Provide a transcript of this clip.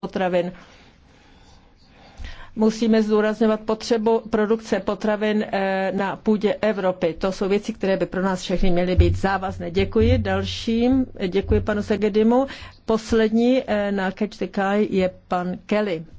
potravin. Musíme zdůrazňovat potřebu produkce potravin eh, na půdě Evropy. To jsou věci, které by pro nás všechny měly být závazné. Děkuji dalším, eh, děkuji panu Segedimu. Poslední eh, na Catch the Kai je pan Kelly.